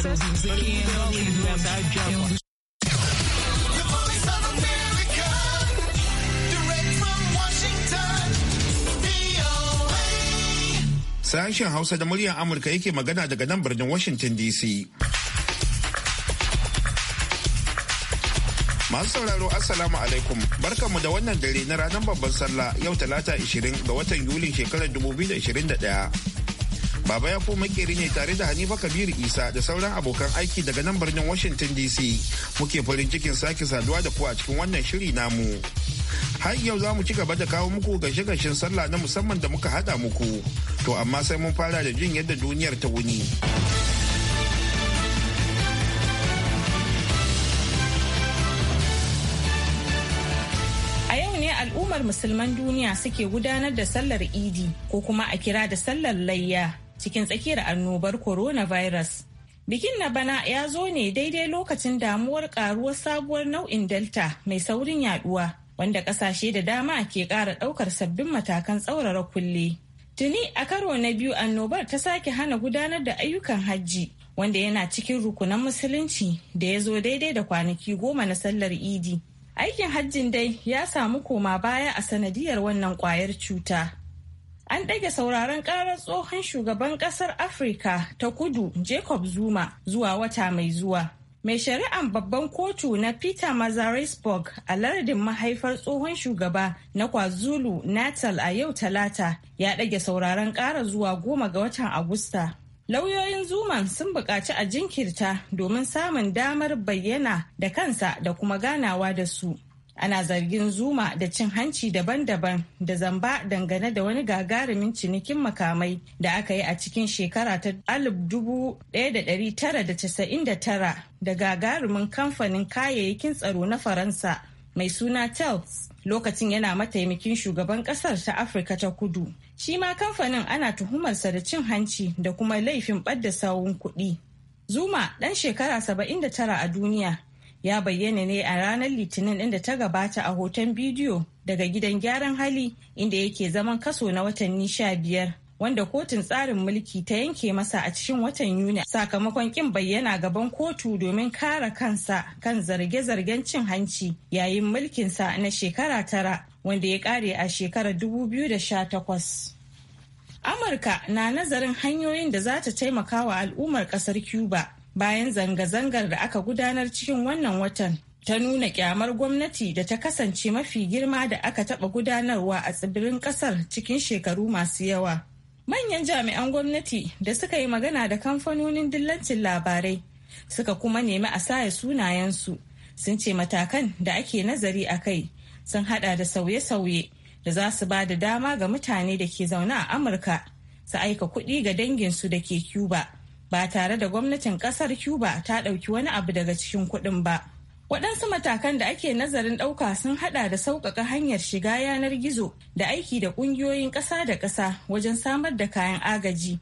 Sashen Hausa da muryar Amurka yake magana daga nan birnin Washington DC. Masu sauraro Assalamu alaikum barkanmu da wannan dare na ranar babban sallah yau talata 20 ga watan Yulin shekarar 2021. Baba ya ko makeri ne tare da Hanifa Kabiru Isa da sauran abokan aiki daga nan birnin Washington DC. Muke farin cikin sake saduwa da ku a cikin wannan shiri namu. Har yau za mu ci gaba da kawo muku gashe gashin sallah na musamman da muka hada muku. To amma sai mun fara da jin yadda duniyar ta wuni. al'ummar musulman duniya suke gudanar da sallar idi ko kuma a kira da sallar layya cikin tsakiyar annobar coronavirus. Bikin na bana ya zo ne daidai lokacin damuwar karuwar sabuwar nau'in Delta mai saurin yaduwa wanda kasashe da dama ke kara daukar sabbin matakan tsaurara kulle. Tuni a karo na biyu annobar ta sake hana gudanar da ayyukan hajji wanda yana cikin rukunan musulunci da ya zo daidai da kwanaki goma na sallar idi. Aikin hajjin dai ya samu koma baya a sanadiyar wannan kwayar cuta. an ɗage sauraron ƙarar tsohon shugaban ƙasar afirka ta kudu jacob zuma zuwa wata mai zuwa mai shari'an babban kotu na peter mazarisburg a lardin mahaifar tsohon shugaba na kwazulu natal a yau talata ya ɗage sauraron ƙara zuwa goma ga watan agusta lauyoyin zuman sun buƙaci a jinkirta domin samun damar bayyana da kansa da kuma ganawa da su ana zargin zuma da cin hanci daban-daban da zamba dangane da wani gagarumin cinikin makamai da aka yi a cikin shekara ta 1999 da gagarumin kamfanin kayayyakin tsaro na faransa mai suna tels lokacin yana mataimakin shugaban kasar ta afirka ta kudu shi ma kamfanin ana tuhumarsa da cin hanci da kuma laifin ɓadda sawun kuɗi zuma ɗan shekara 79 a duniya ya bayyana ne a ranar litinin inda ta gabata a hoton bidiyo daga gidan gyaran hali inda yake zaman kaso na watanni sha biyar wanda kotun tsarin mulki ta yanke masa a cikin watan yuni sakamakon kin bayyana gaban kotu domin kare kansa kan zarge-zargen cin hanci yayin mulkinsa na shekara tara wanda ya kare a shekarar 2018 amurka na nazarin hanyoyin da za ta taimaka wa al'ummar ƙasar cuba bayan zanga-zangar da aka gudanar cikin wannan watan ta nuna kyamar gwamnati da ta kasance mafi girma da aka taɓa gudanarwa a tsibirin ƙasar cikin shekaru masu yawa. Manyan jami'an gwamnati da suka yi magana da kamfanonin dillancin labarai suka kuma nemi a saya sunayensu sun ce matakan da ake nazari a kai sun hada da sauye-sauye da za su ba da dama ga mutane da ke zaune a Amurka su aika kuɗi ga danginsu da ke Cuba. ba tare da gwamnatin kasar cuba ta ɗauki wani abu daga cikin kuɗin ba waɗansu matakan da ake nazarin ɗauka sun haɗa da sauƙaƙa hanyar shiga yanar gizo da aiki da ƙungiyoyin ƙasa da ƙasa wajen samar da kayan agaji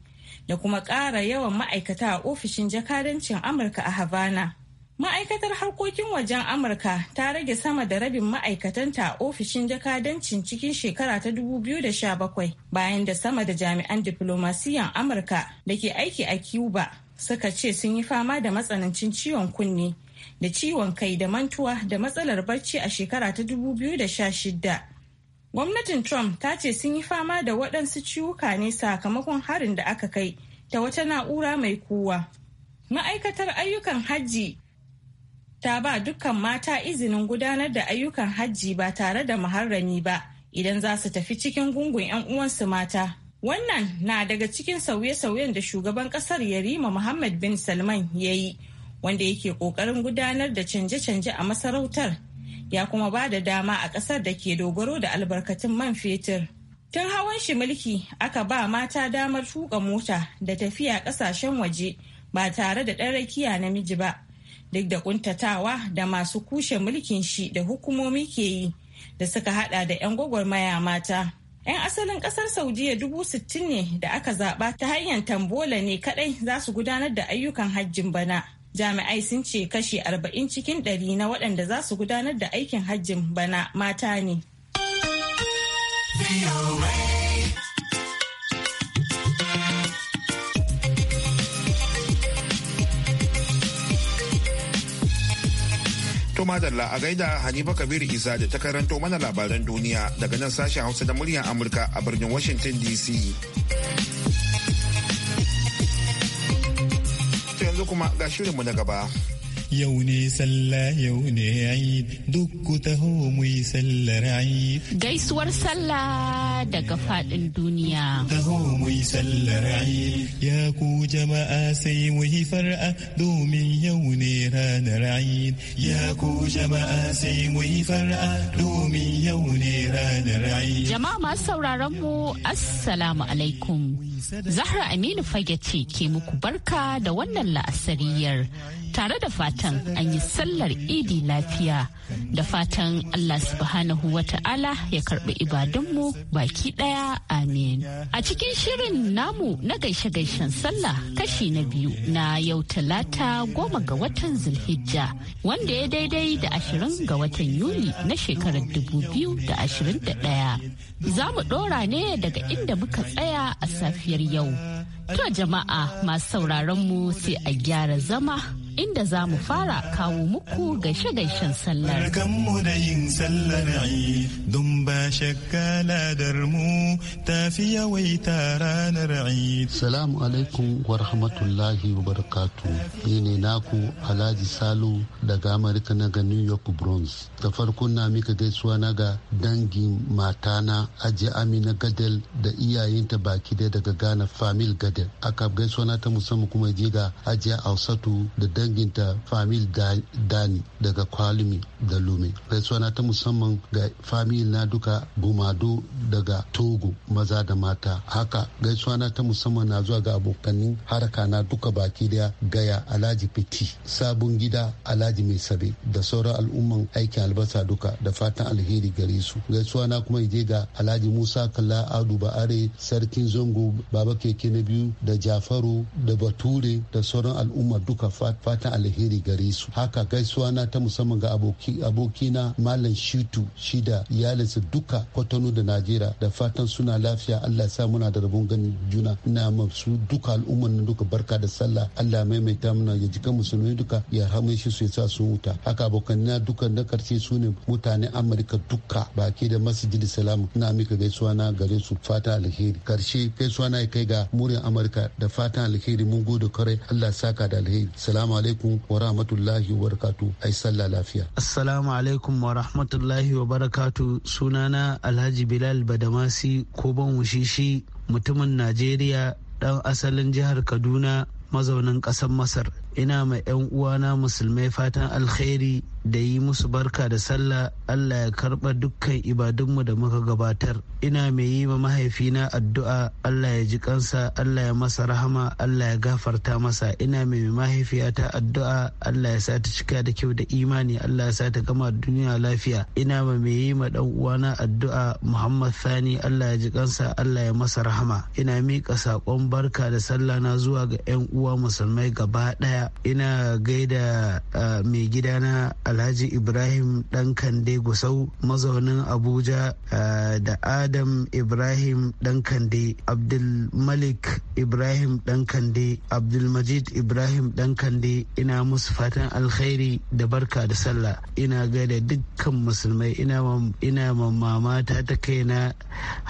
da kuma ƙara yawan ma'aikata a ofishin jakadancin amurka a havana Ma'aikatar harkokin wajen Amurka ta rage sama da rabin ma'aikatanta a ofishin jakadancin cikin shekara ta 2017 bayan da sama da jami'an diplomasiyan Amurka da ke aiki a Cuba suka ce sun yi fama da matsanancin ciwon kunne da ciwon kai da mantuwa da matsalar barci a shekara ta 2016. Gwamnatin Trump ta ce sun yi fama da waɗansu ciwuka ne sakamakon harin da aka kai ta wata na'ura mai kowa. Ma'aikatar ayyukan hajji ta ba dukkan mata izinin gudanar da ayyukan hajji ba tare da muharrami ba idan za su tafi cikin gungun 'yan uwansu mata. Wannan na daga cikin sauye-sauyen da shugaban kasar Yarima Muhammad bin Salman ya yi, wanda yake ƙoƙarin gudanar da canje-canje a masarautar, ya kuma ba da dama a ƙasar da ke dogaro da albarkatun man fetur. Tun hawan shi mulki aka ba mata damar tuka mota da tafiya ƙasashen waje ba tare da ɗan rakiya namiji ba. duk da kuntatawa da masu kushe mulkin shi da hukumomi ke yi da suka hada da 'yan gwagwarmaya mata. 'Yan asalin kasar Saudiya dubu sittin ne da aka zaba ta hanyar tambola ne kadai za su gudanar da ayyukan hajjin bana. Jami'ai sun ce kashi arba'in cikin ɗari na waɗanda za su gudanar da aikin hajjin bana mata ne. To madalla a gaida Hanifa Kabiru Isa da ta karanto mana labaran duniya daga nan sashen Hausa da muryar Amurka a birnin Washington DC. To yanzu kuma ga shirinmu na gaba. yau ne sallah yau ne aid duk ku taho mu sallar aid gaisuwar sallah daga fadin duniya taho mu sallar aid ya ku jama'a sai mu yi far'a domin yau ne ranar aid ya ku jama'a sai mu yi far'a domin yau ne ranar aid jama'a masu sauraron mu assalamu alaikum Zahra Aminu Fage ce ke muku barka da wannan la'asariyar tare da fatan an yi sallar idi lafiya da fatan Allah subhanahu wa ta'ala ya karbi ibadunmu baki ɗaya amin a cikin shirin namu na gaishe-gaishen sallah kashi na biyu na yau talata goma ga watan zulhijja wanda ya daidai da ashirin ga watan yuli na shekarar dubu biyu da ashirin da ɗaya. za mu dora ne daga inda muka tsaya a safiyar yau to jama'a masu sauraron mu sai a gyara zama inda za mu fara kawo muku gaishe-gaishen sallar. mu da yin sallar don ba shakka ladar mu tafi ta ranar yi. Salamu alaikum wa rahmatullahi wa barakatu. Ni ne naku Alhaji Salu daga Amurka na ga New York Bronx. Ta farko na mika gaisuwa na ga dangin matana Aji Amina Gadel da iyayenta baki daya daga Ghana Famil Gadel. Aka gaisuwa na ta musamman kuma je ga Aji Ausatu da dangin danginta famil dani daga kwalimi da lume gaisuwa ta musamman ga famil na duka gumado daga togo maza da mata haka gaisuwa ta musamman na zuwa ga abokanin haraka na duka baki daya gaya alhaji peti sabon gida alhaji mai sabe da sauran al'umman aikin albasa duka da fatan alheri gare su gaisuwa na kuma je ga alhaji musa kalla adu ba'are sarkin zango baba keke na biyu da jafaru da bature da sauran al'umma duka fatan fatan alheri gare su haka gaisuwa na ta musamman ga abokina malam shitu shida da iyalinsa duka kwatano da najeriya da fatan suna lafiya allah ya sa muna da rabon ganin juna ina su duka al'ummar nan duka barka da sallah allah maimaita mana ya jikan musulmi duka ya rame shi su ya sa su huta haka abokanina duka na karshe su ne mutanen amurka duka baki da masjid salamu ina mika gaisuwa na gare su fatan alheri karshe gaisuwa na ya kai ga murin amurka da fatan alheri mun gode kwarai allah saka da alheri salamu alaikum alaikum wa rahmatullahi wa barakatu ai sallah lafiya assalamu alaikum wa rahmatullahi wa barakatu sunana alhaji bilal badamasi ko ban wushishi mutumin najeriya dan asalin jihar kaduna mazaunin ƙasar masar ina ma 'yan uwana musulmai fatan alkhairi da yi musu barka da sallah Allah ya karba dukkan ibadunmu da muka gabatar ina mai yi ma mahaifina addu'a Allah ya ji kansa Allah ya masa rahama Allah ya gafarta masa ina mai mahaifiyata addu'a Allah ya sa cika da kyau da imani Allah ya sa ta gama duniya lafiya ina ma mai yi ma dan uwana addu'a Muhammad Sani Allah ya ji kansa Allah ya masa rahama ina mika saƙon barka da sallah na zuwa ga 'yan uwa musulmai gaba ɗaya ina gaida mai gidana alhaji ibrahim ɗan kande gusau mazaunin abuja da adam ibrahim ɗan kande abdulmalik ibrahim ɗan kande abdulmajid ibrahim ɗan kande ina musu fatan alkhairi da barka da sallah ina gaida dukkan musulmai ina mamama ta ta na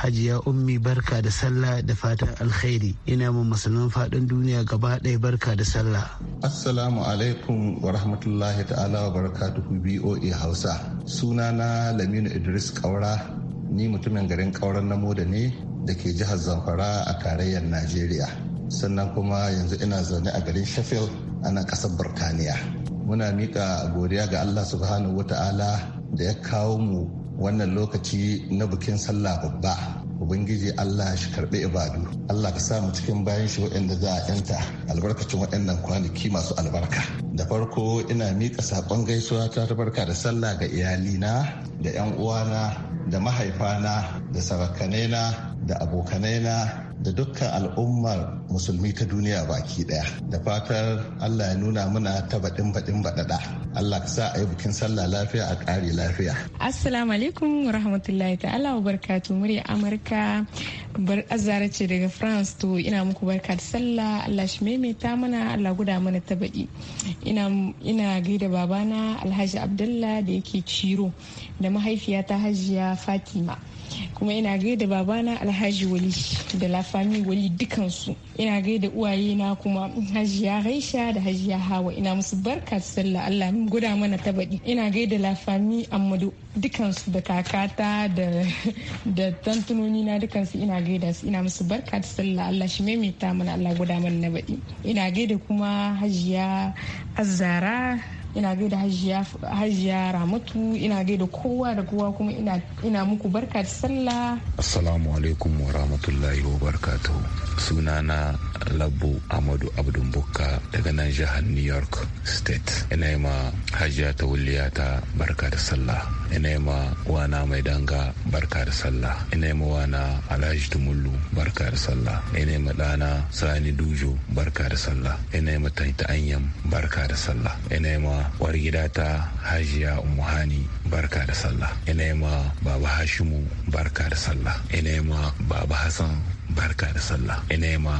hajiya ummi barka da sallah da fatan alkhairi ina ma musulman faɗin duniya gaba ɗaya barka da sallah Assalamu alaikum wa rahmatullahi ta'ala wa barakatuhu BOA Hausa. Sunana Laminu Idris Kaura, ni mutumin garin Kauran na Moda ne da ke jihar Zamfara a tarayyar Najeriya. Sannan kuma yanzu ina zaune a garin Sheffield a nan ƙasar Burtaniya. Muna miƙa godiya ga Allah subhanahu wa ta'ala da ya kawo mu wannan lokaci na bikin sallah babba ubangiji allah shi karbi ibadu allah ka samu cikin bayan shi waɗanda za a yanta albarkacin waɗannan kwanaki masu albarka da farko ina miƙa saƙon gaisuwa ta barka da sallah ga iyalina da 'yan uwana da mahaifana da sarakanaina da abokanaina da dukkan al'ummar musulmi ta duniya baki daya da fatar allah ya nuna muna ta baɗin baɗin baɗaɗa Allah ka sa a yi bikin sallah lafiya a ƙare lafiya. Assalamu alaikum wa rahmatullahi ta'ala wa barkatu murya Amurka bar azara ce daga France to ina muku barka da sallah Allah shi maimaita mana Allah guda mana ta baɗi Ina ina gaida babana Alhaji Abdullah da yake Ciro da mahaifiya ta Hajiya Fatima. kuma ina gaida babana Alhaji Wali da Lafami Wali dukansu. ina gaida uwaye na kuma hajiya raisha da hajiya Hawa ina musu barka sallah Allah guda mana ta baɗi ina gaida lafami Amadu dukansu da kakata da da tantunoni na dukansu ina gaida su ina musu barka da sallah Allah shi maimaita mana Allah guda mana na baɗi ina gaida kuma hajiya Azzara ina gaida hajiya ramatu ina gaida kowa da kowa kuma ina muku barka da sallah assalamu alaikum wa rahmatullahi wa suna sunana labu amadu abdun bukka daga nan jihar new york state ina yi ma hajiya ta wuliya ta barka da sallah ina ma wana mai danga barka da sallah ina ma wana alhaji tumullu barka da sallah ina ma dana sani dujo barka da sallah ina ma taita anyam barka da sallah ina ma ta hajiya umuhani barka da sallah ina ma baba hashimu barka da sallah ina ma baba hassan barka da sallah ina ma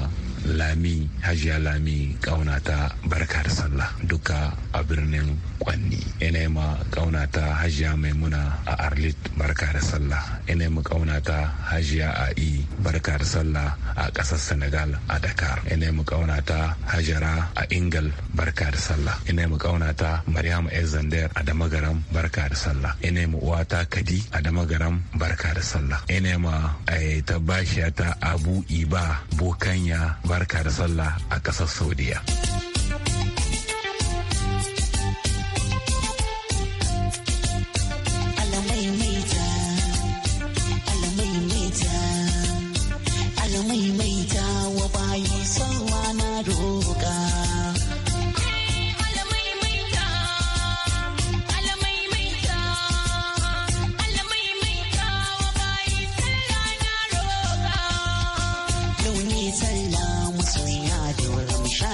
lami hajiya lami kaunata barka da sallah duka a birnin kwanni ina ma kaunata hajiya maimuna a arlit barka da sallah ina ma kaunata hajiya a barka da sallah a ƙasar senegal a dakar ina ma kaunata hajara a ingal barka da sallah ina ma kaunata maryam ezander a damagaram barka da sallah ina ma uwata kadi a damagaram barka da sallah ina ma eh, ta bashiya ta abu iba bokanya barka da sallah a ƙasar saudiya.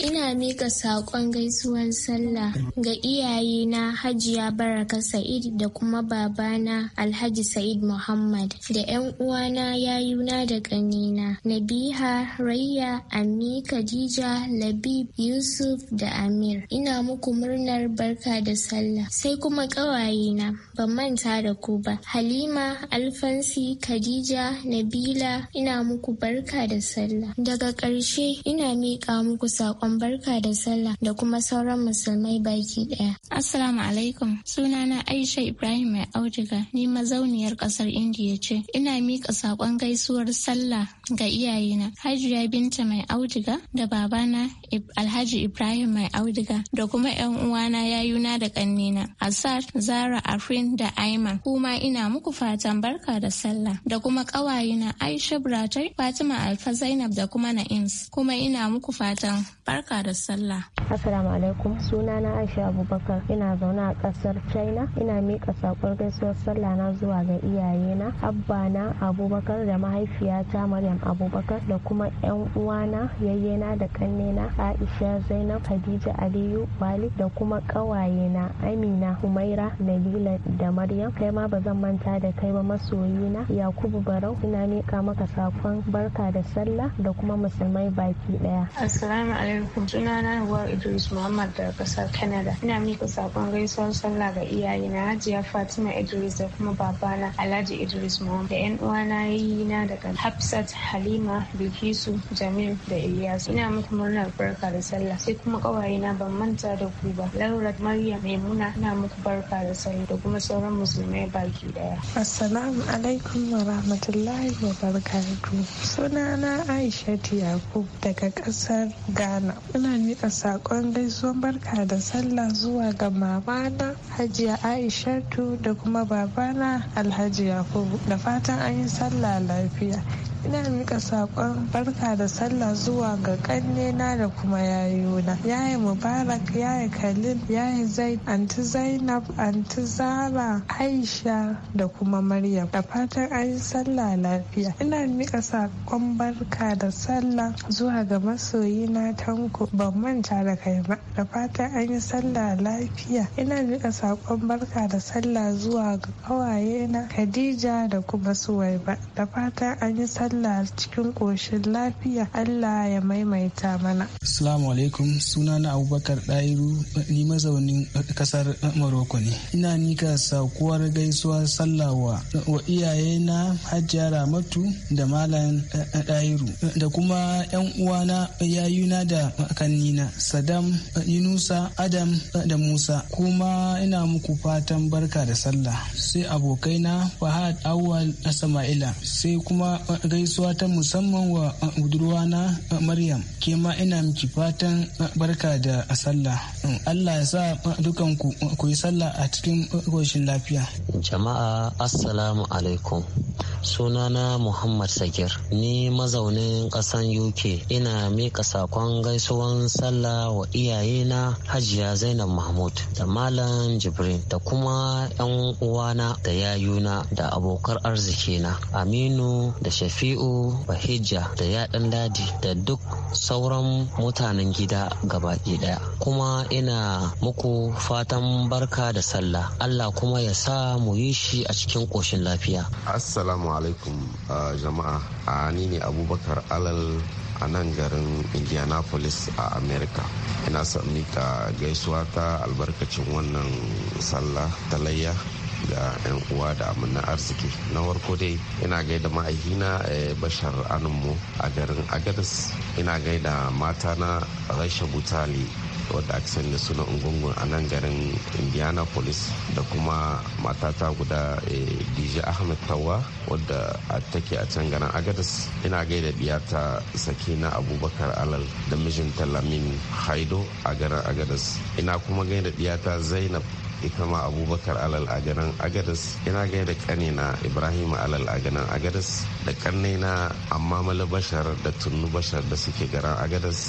Ina mika saƙon gaisuwan sallah ga iyayena Hajiya Baraka Sa'id da kuma babana Alhaji Sa'id Muhammad da 'yan uwana yayuna da ƙanina Nabiha, Rayya, Ami, Khadija, Labib, Yusuf da Amir. Ina muku murnar barka da sallah. Sai kuma ƙawayena Ba manta da ku ba. Halima, Alfansi, Khadija, Nabila ina muku barka da sallah. Daga ƙarshe ina miƙa muku saƙon barka da sallah da kuma sauran musulmai baki daya. Assalamu alaikum sunana Aisha Ibrahim mai auduga ni mazauniyar kasar Indiya ce. Ina mika saƙon gaisuwar sallah ga iyayena Hajiya Binta mai auduga da babana Alhaji Ibrahim mai auduga da kuma yan uwana yayuna da kannina Asad, Zara, Afrin da Aiman. Kuma ina muku fatan barka da sallah da kuma ƙawayena Aisha Buratai, Fatima Alfa Zainab da kuma nains Kuma ina muku fatan barka da sallah. Assalamu alaikum sunana Aisha Abubakar ina zaune a kasar China ina mika sakon gaisuwar sallah na zuwa ga iyayena abba na Abubakar da mahaifiyata Maryam Abubakar da kuma yan uwana yayyena da kannena Aisha Zainab Khadija Aliyu Wali da kuma kawayena Amina Humaira Nabila da Maryam kai ma ba manta da kai ba masoyina Yakubu Barau ina mika maka sakon barka da sallah da kuma musulmai baki daya. Assalamu alaikum alaikum sunana Idris Muhammad daga ƙasar Canada. Ina mika saƙon gaisuwar sallah ga iyayena Hajiya Fatima Idris da kuma babana Alhaji Idris Muhammad da yan uwana yayyina daga Hafsat Halima Bilkisu Jamil da Ilyas. Ina muku murnar barka da sallah sai kuma ƙawayena ban manta da ku ba. Laura Maryam Maimuna ina muku barka da sallah da kuma sauran musulmai baki ɗaya. Assalamu alaikum wa rahmatullahi wa Sunana Aisha Yakub daga ƙasar Ghana. ina nika saƙon gaisuwan barka da sallah zuwa ga mamana hajiya aishatu da kuma babana alhaji yakubu da fatan an yi sallah lafiya ina mika saƙon barka da sallah zuwa ga na da kuma yayuna yayi mubarak yayi khalil yayi zaid anti zainab anti zara aisha da kuma maryam da fatan an yi sallah lafiya ina mika saƙon barka da sallah zuwa ga masoyina tanko ban manta da kai ba da fatan an yi sallah lafiya ina mika saƙon barka da sallah zuwa ga na khadija da kuma suwaiba da fatan an yi sallah Allah cikin ƙoshin lafiya Allah ya maimaita mana. Assalamu alaikum suna na Abubakar Ɗairu ni mazaunin ƙasar Morocco ne. Ina nika sakuwar gaisuwa sallah wa iyayena Hajiya Ramatu da Malam Ɗairu da kuma 'yan uwana yayuna da kanina Sadam Yunusa Adam da Musa kuma ina muku fatan barka da sallah sai abokaina Fahad Awal Sama'ila sai kuma gaisuwa ta musamman wa budurwana Maryam ke ma ina miki fatan barka da sallah. Mm, Allah ya sa dukanku ku ku yi sallah a cikin koshin lafiya. Jama'a assalamu alaikum. sunana Muhammad Sagir. Ni mazaunin ƙasan UK ina miƙa sakon gaisuwan sallah wa iyayena Hajiya Zainab Mahmud da Malam Jibrin da kuma 'yan uwana da yayuna da abokar arzikina Aminu da Shafi'u Bahijja da Yaɗan Ladi da duk sauran mutanen gida gabaki ɗaya. Kuma ina muku fatan barka da sallah. Allah kuma ya sa mu yi shi a cikin ƙoshin lafiya. Assalamu assalamu alaikum uh, jama'a a uh, ni ne abubakar alal a nan garin indianapolis a uh, america ina sami ta gaisuwa ta albarkacin wannan sallah ta layya ga 'yan uwa da amina arziki na farko dai ina gaida ma'aikina eh, bashar anunmu a garin agadis ina gaida na rasha butali wadda aka sani suna ungungun a nan garin indianapolis da kuma matata guda eh, dj ahmed tawa wadda take a can garin agadas ina gaida biyata sakina abubakar alal da mijinta lamin haido a garin agadas ina kuma gaida biyata zainab ita ma abubakar alal a garin agadas ina gaya da kanina ibrahim alal a garin agadas da na amma mala bashar da tunnu bashar da suke garin agadas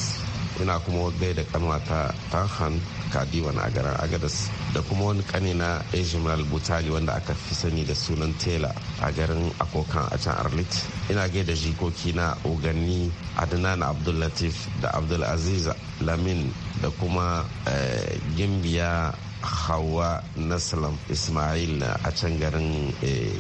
ina kuma bai da kanwata tanhan kadiwan a garin agadas da kuma wani kane na ejimal butali wanda aka fi sani da sunan tela a garin akokan a can arlit ina gai da jikoki na ogani adnan abdullatif da abdul aziz lamin da kuma eh, gimbiya hawa naslam ismail a can garin eh,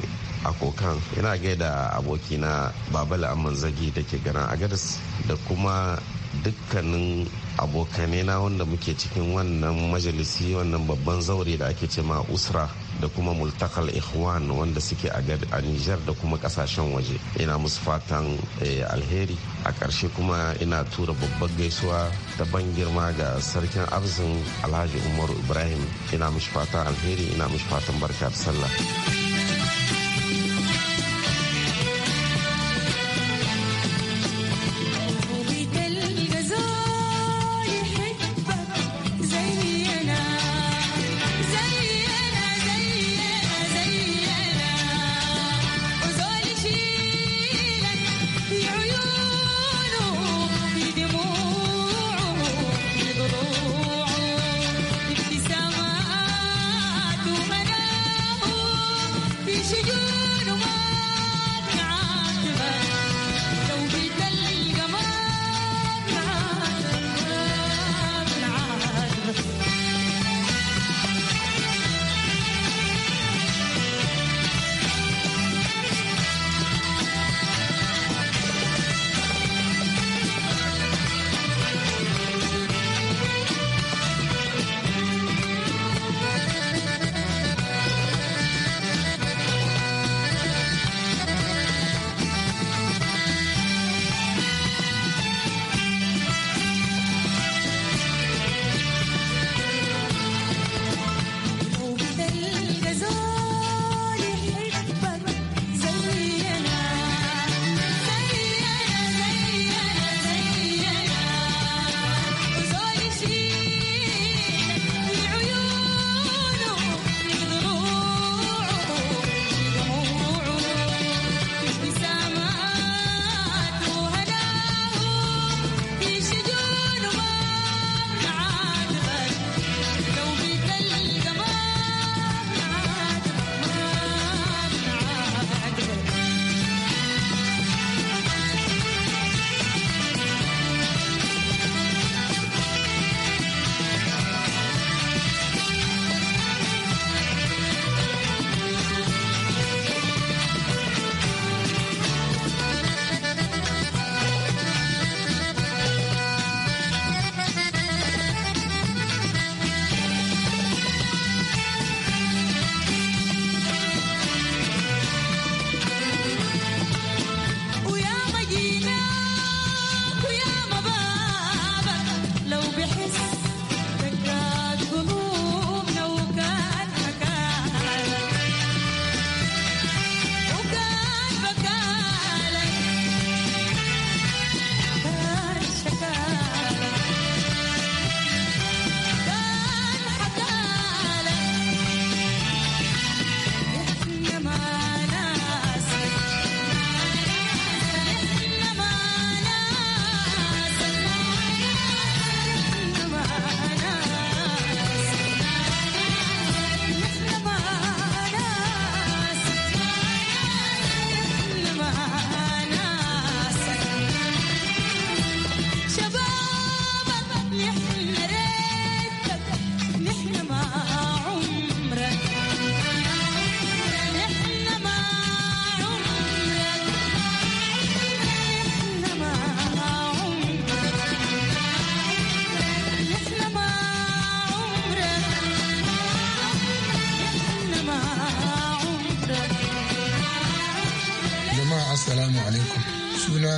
a kokan yana gaida abokina babala amman zagi da ke garin agadas da kuma dukkanin abokanai na wanda muke cikin wannan majalisi wannan babban zaure da ake cema usra da kuma multakal ikhwan wanda suke a Nijar da kuma kasashen waje ina musu fatan eh, alheri a ƙarshe kuma ina tura babban gaisuwa ta ban girma ga sarkin abzin alhaji umaru ibrahim ina mishi fatan alheri ina mishi fatan barka da sallah You.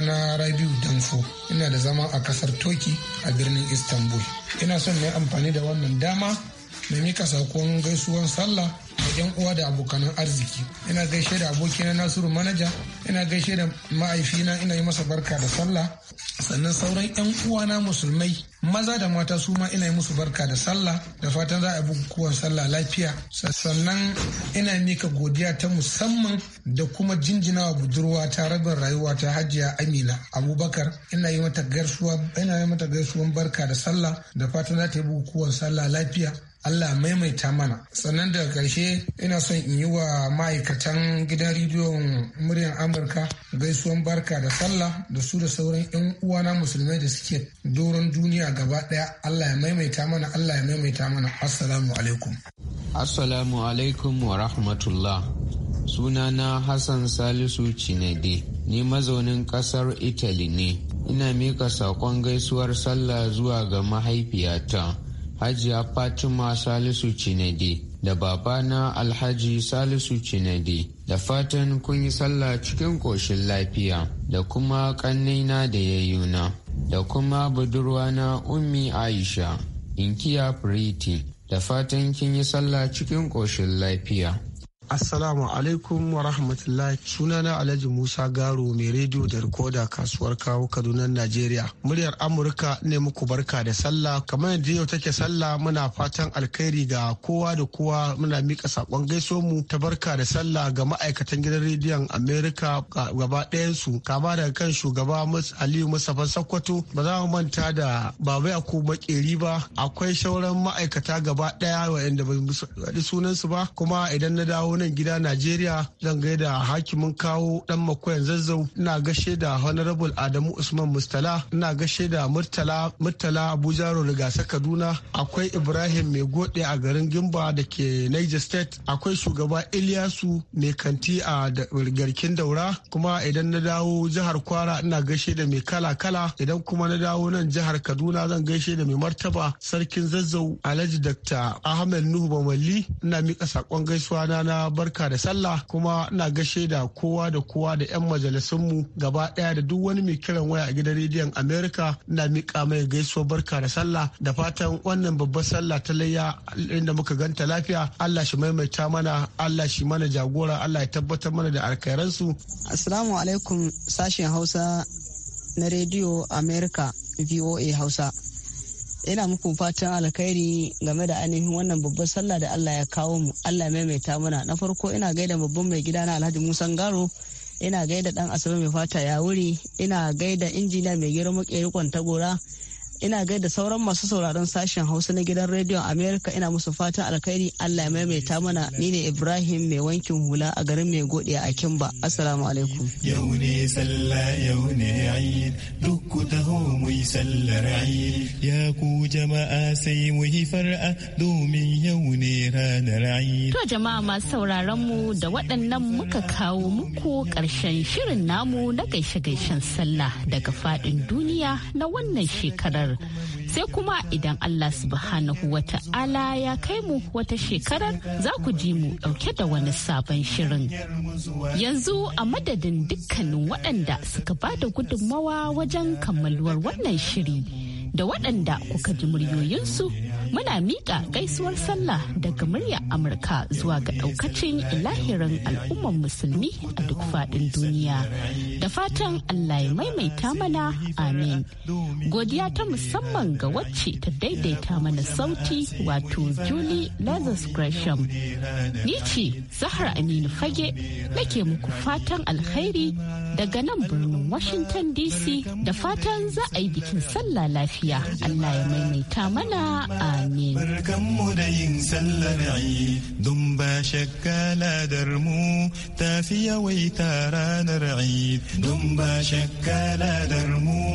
na rabiu danfo ina da zama a kasar toki a birnin istanbul ina son na yi amfani da wannan dama na mika sakon gaisuwan sallah da yan uwa da abokanan arziki ina gaishe da abokina nasiru manaja ina gaishe da ma'aifina ina yi masa barka da sallah sannan sauran 'yan uwana musulmai maza da mata su ma ina yi musu barka da sallah da fatan za a yi bukukuwan sallah lafiya sannan ina mika godiya ta musamman da kuma jinjinawa budurwa ta rabin rayuwa ta hajiya amina abubakar ina yi mata gaisuwan barka da sallah da fatan za ta yi bukukuwan sallah lafiya Allah maimaita mana. Sannan daga ƙarshe ina son in yi wa ma'aikatan gidan rediyon muryar Amurka gaisuwan barka da sallah da su da sauran 'yan uwana musulmai da suke doron duniya gaba ɗaya. Allah ya maimaita mana, Allah ya maimaita mana. Assalamu alaikum. Assalamu alaikum wa rahmatullah. Sunana Hassan Salisu Cinede, ni mazaunin ƙasar Italy ne. Ina mika saƙon gaisuwar sallah zuwa ga mahaifiyata. hajiya fatima salisu cinadi da babana alhaji salisu cinadi da fatan kun yi sallah cikin ƙoshin lafiya da kuma ƙannina da yayyuna da kuma budurwa na ummi aisha inkiya priti da fatan kin yi sallah cikin ƙoshin lafiya Assalamu alaikum wa rahmatullahi sunana Alhaji Musa Garo mai rediyo da rikoda kasuwar kawo Kaduna Najeriya. Muryar Amurka ne muku barka da sallah kamar yadda yau take sallah muna fatan alkhairi ga kowa da kowa muna mika sakon gaiso mu ta barka da sallah ga ma'aikatan gidan rediyon Amerika gaba ɗayansu kama daga kan shugaba Aliyu Mustapha Sokoto ba za mu manta da Baba Yakubu Makeri ba akwai sauran ma'aikata gaba ɗaya waɗanda ba su sunansu ba kuma idan na dawo dawo nan gida Najeriya zan gaida hakimin kawo dan makoyan zazzau ina gashe da Honorable Adamu Usman Mustala ina gashe da Murtala Murtala Abuja Rigasa Kaduna akwai Ibrahim Mai Gode a garin Gimba da ke Niger State akwai shugaba Ilyasu Mai Kanti a garkin Daura kuma idan na dawo jihar Kwara ina gashe da mai kala kala idan kuma na dawo nan jihar Kaduna zan gaishe da mai martaba sarkin zazzau Alhaji Dr. Ahmed Nuhu bamalli ina mika sakon gaisuwa na na barka da sallah kuma ina gashe da kowa da kowa da 'yan majalisunmu gaba daya da duk wani mai kiran waya a gidan rediyon Amerika na miƙa mai gaisuwa barka da sallah da fatan wannan babbar sallah ta layya inda muka ganta lafiya Allah shi maimaita mana Allah shi mana jagora Allah ya tabbatar mana da su. Assalamu alaikum sashen Hausa na rediyo Amerika VOA Hausa. ina muku fatan alkhairi game da ainihin wannan babban sallah da Allah ya kawo mu Allah maimaita muna na farko ina gaida babban mai gida na Alhaji Musa Garo ina gaida dan Asabe mai fata ya wuri ina gaida injiniya mai girma makeri kwantagora ina gaida sauran masu sauraron sashen hausa na gidan rediyon america ina musu fatan alkhairi allah ya maimaita mana ni ne ibrahim mai wankin hula a garin mai godiya a kimba assalamu alaikum yau ne yau ne duk ku taho sallar ya ku jama'a sai mu yi far'a domin yau ne ranar to jama'a masu sauraron mu da waɗannan muka kawo muku ƙarshen shirin namu na gaishe-gaishen sallah daga faɗin duniya na wannan shekarar sai kuma idan allah subhanahu wa ta'ala ya kai mu wata shekarar za ku ji mu dauke da wani sabon shirin yanzu a madadin dukkanin waɗanda suka ba da gudunmawa wajen kammaluwar wannan shiri da waɗanda kuka ji muryoyinsu Muna miƙa gaisuwar sallah daga murya Amurka zuwa ga ɗaukacin lahirin al'umman musulmi a duk faɗin duniya. Da fatan Allah ya maimaita mana amin. Godiya ta musamman ga wacce ta daidaita mana sauti wato Julie Lazarus Gresham. Ni ce Zahra Aminu Fage nake muku fatan alkhairi daga nan birnin Washington DC da fatan za a yi bikin sallah lafiya. Allah ya maimaita mana amin. barkanmu da yin sallar Eid don ba shakka ladar mu ta fi yawaita ranar Eid don ba shakka ladar mu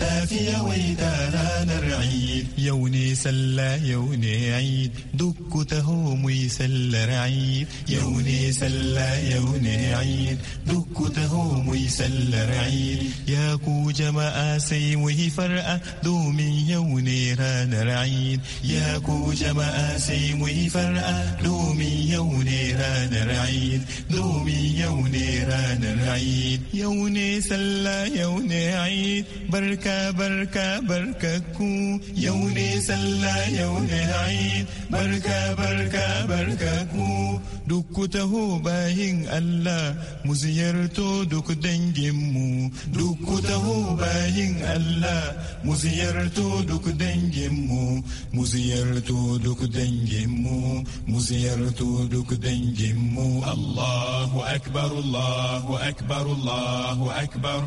ta fi yawaita ranar Eid yau ne sallah yau ne Eid duk ku taho mu yi sallar Eid yau ne sallah yau ne Eid duk ku taho mu yi sallar Eid ya ku jama'a sai mu yi far'a domin yau ne ranar Eid Ya ku jama'a sai mu yi far'a domin yau ne ranar Eid, domin yau ne ranar Eid. Yau ne sallah yau ne Eid, barka barka barka ku. Yau ne sallah yau ne Eid, barka barka barka ku. Duk ku taho bayin Allah mu ziyarto duk dangin mu. Duk ku taho bayin Allah mu ziyarto duk danginmu. Mu مزيرتو دوك دنجمو مزيرتو دوك دنجمو الله أكبر الله أكبر الله أكبر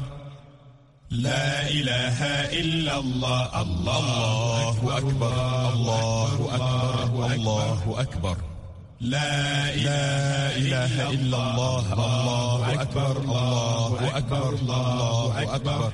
لا إله إلا الله الله أكبر الله أكبر الله أكبر لا إله إلا الله الله أكبر الله أكبر الله أكبر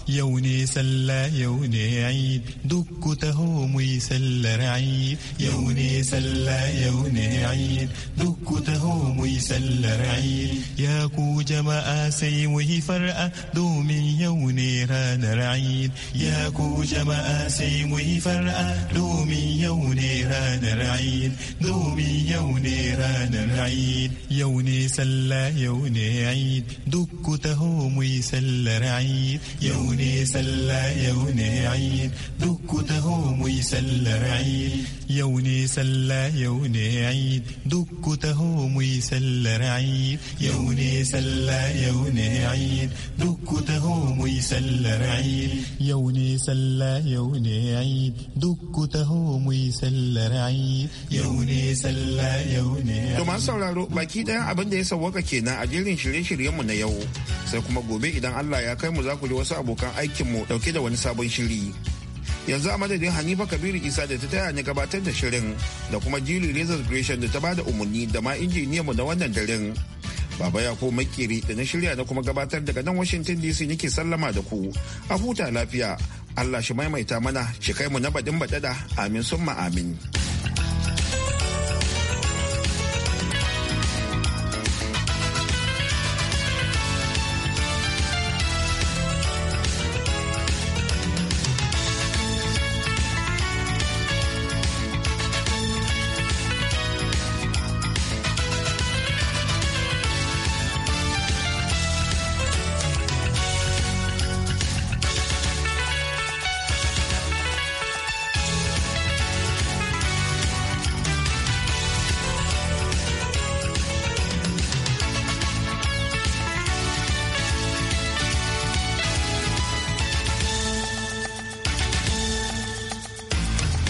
يوني سلا يوني عيد دك تهوم يسل رعيد يوني سلا يوني عيد دك تهوم يسل رعيد يا كو جما سي وهي فرقة دوم يوني ران رعيد يا كو جما سي وهي فرقة دوم يوني ران رعيد دوم يوني ران رعيد يوني سلا يوني عيد دك تهوم يسل رعيد يوني ne sallah yau ne ayin duk ku taho mu yi sallar ayin yau ne sallah yau ne aid duk ku taho mu yi sallar aid yau ne sallah yau ne aid duk ku taho mu yi sallar aid yau ne sallah yau ne aid duk ku taho mu sallar aid yau ne sallah yau ne to masu sauraro baki ɗayan abin da ya sauwaka kenan a jerin shirye-shiryenmu na yau sai kuma gobe idan Allah ya kai mu za ku ji wasu abokan mu dauke da wani sabon shiri. yanzu a madadin hanifa kabiru isa da ta taya ni gabatar da shirin da kuma jili razor creation da ta ba da umarni da ma injiniya mu na wannan daren baba ya ko makiri da na shirya na kuma gabatar daga nan washington dc nake sallama da ku a huta lafiya allah shi maimaita mana shi kai mu na badin badada amin summa amin